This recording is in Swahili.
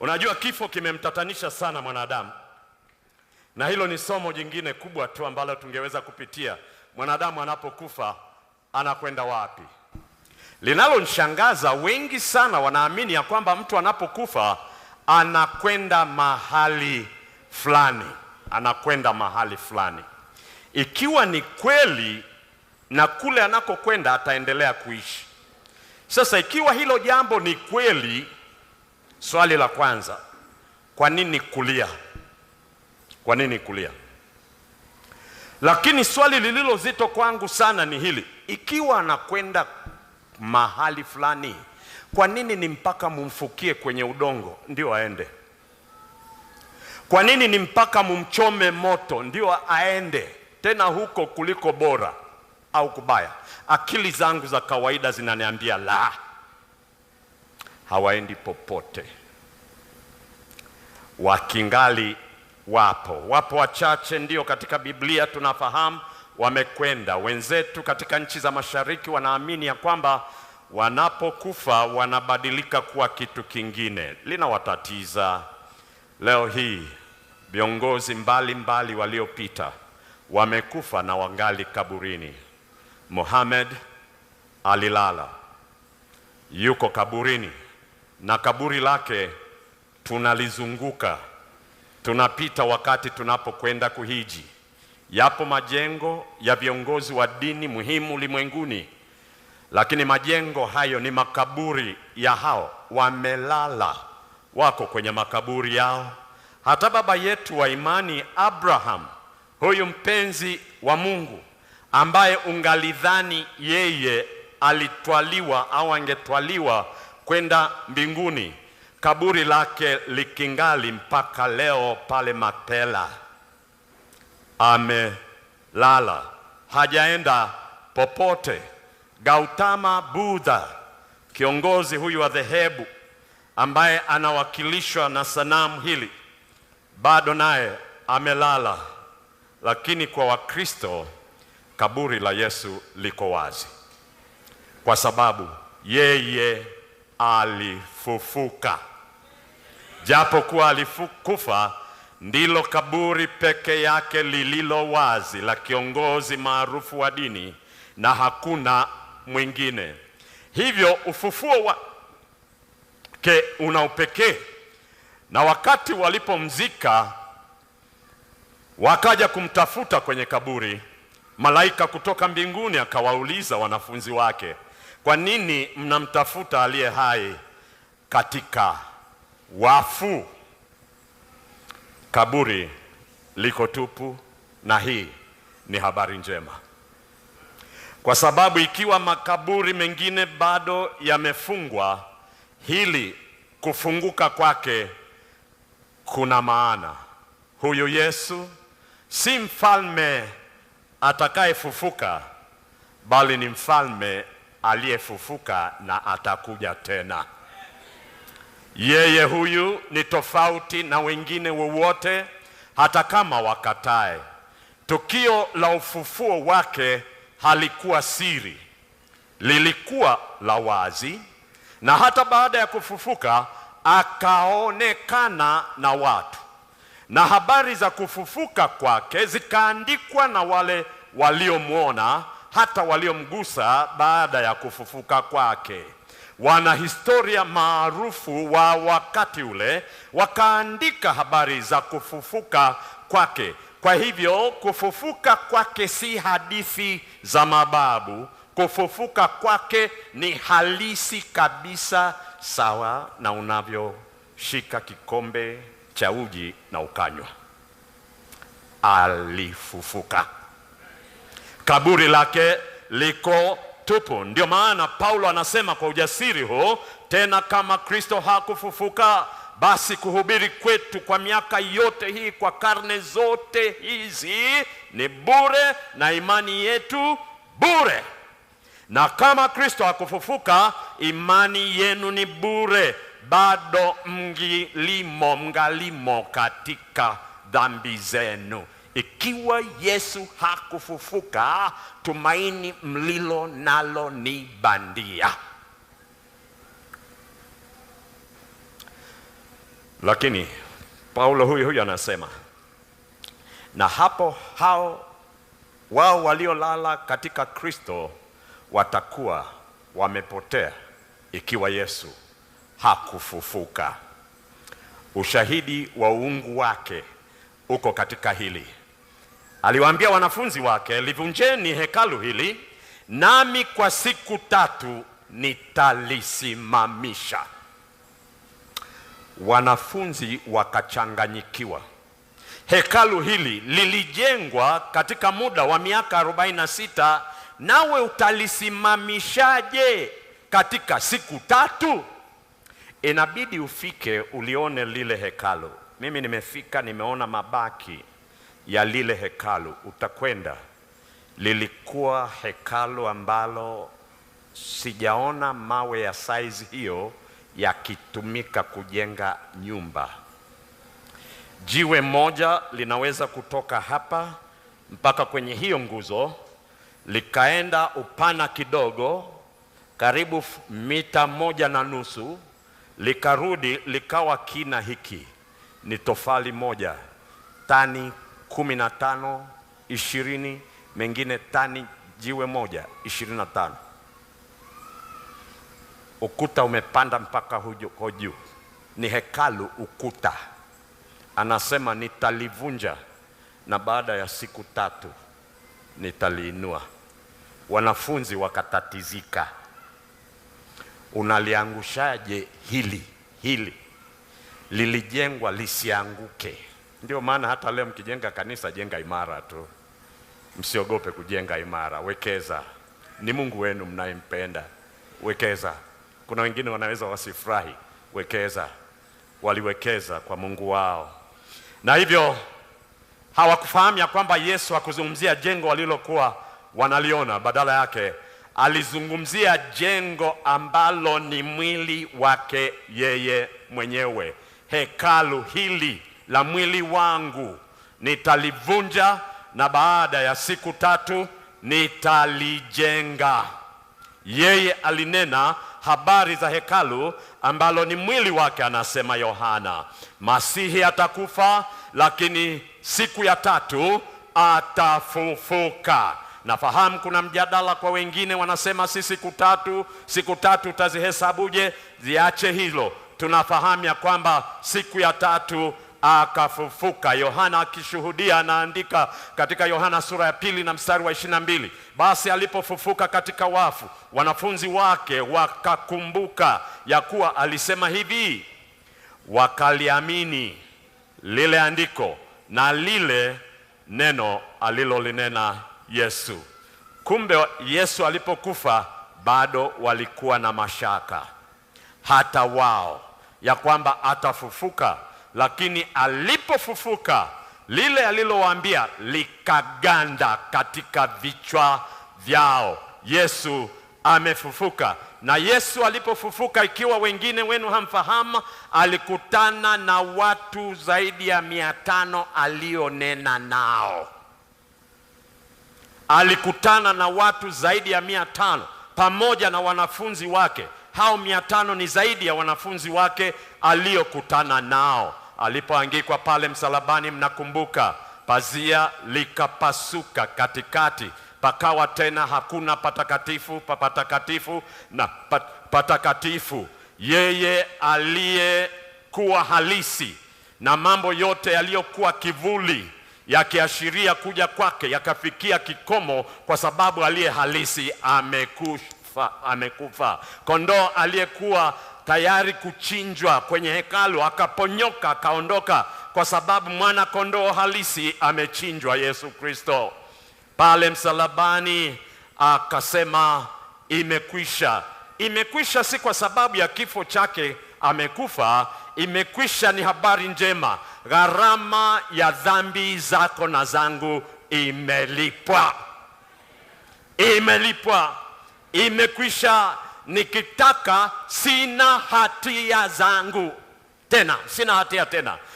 Unajua kifo kimemtatanisha sana mwanadamu, na hilo ni somo jingine kubwa tu ambalo tungeweza kupitia. Mwanadamu anapokufa anakwenda wapi? Linalonishangaza, wengi sana wanaamini ya kwamba mtu anapokufa anakwenda mahali fulani, anakwenda mahali fulani. Ikiwa ni kweli na kule anakokwenda ataendelea kuishi. Sasa ikiwa hilo jambo ni kweli Swali la kwanza, kwa nini kulia? Kwa nini kulia? Lakini swali lililo zito kwangu sana ni hili, ikiwa anakwenda mahali fulani, kwa nini ni mpaka mumfukie kwenye udongo ndio aende? Kwa nini ni mpaka mumchome moto ndio aende? Tena huko kuliko bora au kubaya? Akili zangu za kawaida zinaniambia la hawaendi popote, wakingali wapo. Wapo wachache ndio katika Biblia tunafahamu wamekwenda. Wenzetu katika nchi za mashariki wanaamini ya kwamba wanapokufa wanabadilika kuwa kitu kingine, linawatatiza. Leo hii viongozi mbalimbali waliopita wamekufa na wangali kaburini. Mohamed alilala yuko kaburini na kaburi lake tunalizunguka, tunapita wakati tunapokwenda kuhiji. Yapo majengo ya viongozi wa dini muhimu ulimwenguni, lakini majengo hayo ni makaburi ya hao wamelala, wako kwenye makaburi yao. Hata baba yetu wa imani Abraham, huyu mpenzi wa Mungu ambaye ungalidhani yeye alitwaliwa au angetwaliwa kwenda mbinguni, kaburi lake likingali mpaka leo pale Makpela. Amelala, hajaenda popote. Gautama Buddha, kiongozi huyu wa dhehebu ambaye anawakilishwa na sanamu hili, bado naye amelala. Lakini kwa Wakristo kaburi la Yesu liko wazi, kwa sababu yeye alifufuka. japo kuwa alikufa, ndilo kaburi peke yake lililo wazi la kiongozi maarufu wa dini na hakuna mwingine. Hivyo ufufuo wake una upekee. Na wakati walipomzika, wakaja kumtafuta kwenye kaburi, malaika kutoka mbinguni akawauliza wanafunzi wake kwa nini mnamtafuta aliye hai katika wafu? Kaburi liko tupu, na hii ni habari njema, kwa sababu ikiwa makaburi mengine bado yamefungwa, hili kufunguka kwake kuna maana. Huyu Yesu si mfalme atakayefufuka, bali ni mfalme aliyefufuka na atakuja tena. Yeye huyu ni tofauti na wengine wowote, hata kama wakatae. Tukio la ufufuo wake halikuwa siri, lilikuwa la wazi, na hata baada ya kufufuka akaonekana na watu, na habari za kufufuka kwake zikaandikwa na wale waliomwona hata waliomgusa baada ya kufufuka kwake. Wanahistoria maarufu wa wakati ule wakaandika habari za kufufuka kwake. Kwa hivyo kufufuka kwake si hadithi za mababu. Kufufuka kwake ni halisi kabisa, sawa na unavyoshika kikombe cha uji na ukanywa. Alifufuka kaburi lake liko tupu. Ndio maana Paulo anasema kwa ujasiri huu tena, kama Kristo hakufufuka basi kuhubiri kwetu kwa miaka yote hii, kwa karne zote hizi ni bure, na imani yetu bure. Na kama Kristo hakufufuka, imani yenu ni bure, bado mngilimo, mngalimo katika dhambi zenu ikiwa Yesu hakufufuka, tumaini mlilo nalo ni bandia. Lakini Paulo huyu huyu anasema, na hapo hao wao waliolala katika Kristo watakuwa wamepotea ikiwa Yesu hakufufuka. Ushahidi wa uungu wake uko katika hili aliwaambia wanafunzi wake, livunjeni hekalu hili, nami kwa siku tatu nitalisimamisha. Wanafunzi wakachanganyikiwa. Hekalu hili lilijengwa katika muda wa miaka 46 nawe utalisimamishaje katika siku tatu? Inabidi ufike ulione lile hekalu. Mimi nimefika, nimeona mabaki ya lile hekalu utakwenda, lilikuwa hekalu ambalo sijaona mawe ya saizi hiyo yakitumika kujenga nyumba. Jiwe moja linaweza kutoka hapa mpaka kwenye hiyo nguzo, likaenda upana kidogo, karibu mita moja na nusu, likarudi likawa kina hiki. Ni tofali moja, tani kumi na tano ishirini mengine tani jiwe moja ishirini na tano ukuta umepanda mpaka huko juu, ni hekalu ukuta. Anasema nitalivunja na baada ya siku tatu nitaliinua. Wanafunzi wakatatizika, unaliangushaje hili? Hili lilijengwa lisianguke ndio maana hata leo mkijenga kanisa, jenga imara tu, msiogope kujenga imara, wekeza. Ni Mungu wenu mnayempenda, wekeza. Kuna wengine wanaweza wasifurahi, wekeza. Waliwekeza kwa Mungu wao, na hivyo hawakufahamu ya kwamba Yesu hakuzungumzia jengo walilokuwa wanaliona, badala yake alizungumzia jengo ambalo ni mwili wake yeye mwenyewe, hekalu hili la mwili wangu nitalivunja, na baada ya siku tatu nitalijenga. Yeye alinena habari za hekalu ambalo ni mwili wake, anasema Yohana. Masihi atakufa, lakini siku ya tatu atafufuka. Nafahamu kuna mjadala kwa wengine, wanasema si siku tatu, siku tatu utazihesabuje? Ziache hilo, tunafahamu ya kwamba siku ya tatu akafufuka. Yohana akishuhudia anaandika katika Yohana sura ya pili na mstari wa ishirini na mbili basi alipofufuka katika wafu, wanafunzi wake wakakumbuka ya kuwa alisema hivi, wakaliamini lile andiko na lile neno alilolinena Yesu. Kumbe Yesu alipokufa bado walikuwa na mashaka hata wao ya kwamba atafufuka lakini alipofufuka lile alilowaambia likaganda katika vichwa vyao. Yesu amefufuka. Na Yesu alipofufuka, ikiwa wengine wenu hamfahamu, alikutana na watu zaidi ya mia tano alionena nao. Alikutana na watu zaidi ya mia tano pamoja na wanafunzi wake. Hao mia tano ni zaidi ya wanafunzi wake aliyokutana nao alipoangikwa pale msalabani. Mnakumbuka, pazia likapasuka katikati, pakawa tena hakuna patakatifu pa patakatifu na pat, patakatifu. Yeye aliyekuwa halisi na mambo yote yaliyokuwa kivuli yakiashiria kuja kwake yakafikia kikomo, kwa sababu aliye halisi amekufa. Amekufa kondoo aliyekuwa tayari kuchinjwa kwenye hekalu, akaponyoka akaondoka, kwa sababu mwana kondoo halisi amechinjwa, Yesu Kristo. Pale msalabani akasema imekwisha. Imekwisha si kwa sababu ya kifo chake amekufa, imekwisha ni habari njema, gharama ya dhambi zako na zangu imelipwa, imelipwa, imekwisha nikitaka, sina hatia zangu tena, sina hatia tena.